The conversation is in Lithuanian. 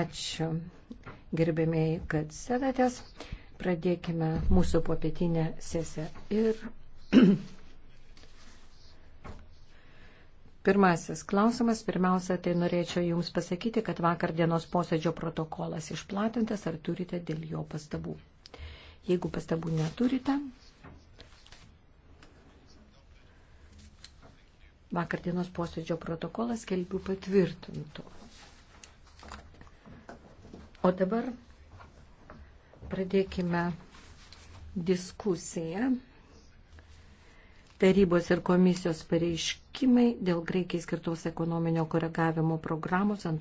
Ačiū, gerbėmiai, kad sėdatės. Pradėkime mūsų popietinę sesiją. Ir pirmasis klausimas. Pirmiausia, tai norėčiau Jums pasakyti, kad vakar dienos posėdžio protokolas išplatintas. Ar turite dėl jo pastabų? Jeigu pastabų neturite, vakar dienos posėdžio protokolas kelbiu patvirtintų. O dabar pradėkime diskusiją. Tarybos ir komisijos pareiškimai dėl greikiai skirtos ekonominio koregavimo programos antro.